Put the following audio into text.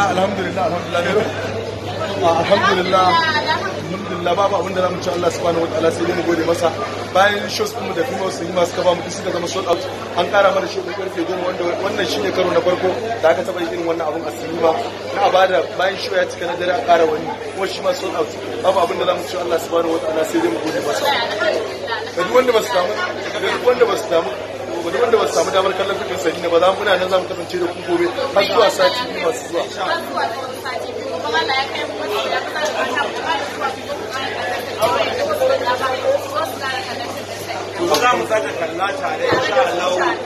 alhamdulillah alhamdulillah alhamdulillah ah, alhamdulillah alhamdulillah babu abin da za mu ci Allah subhanahu wataala sai dai mu gode masa da filmos din masu kaba mu suka zama sold out an kara mana show da karfe 10 wanda wannan shine karo na farko da aka taba irin wannan abun asiri ba na bada bayan show ya cika na dare an da za mu ci gwagwado wanda ba su samu damar kallon kudin sani ne ba za mu nan za mu kasance da ku gobe har zuwa sati biyu masu zuwa. Za mu sake kalla tare, insha Allah.